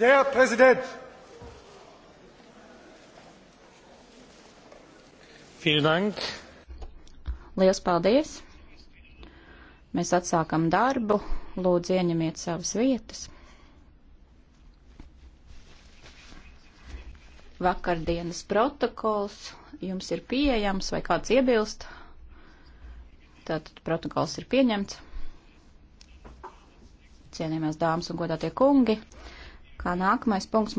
Der Präsident! Vielen Dank! Lielas paldies! Mēs atsākam darbu. Lūdzu, ieņemiet savas vietas. Vakardienas protokols jums ir pieejams vai kāds iebilst? Tātad protokols ir pieņemts. Cienījamās dāmas un godātie kungi. Kā nākamais punkts.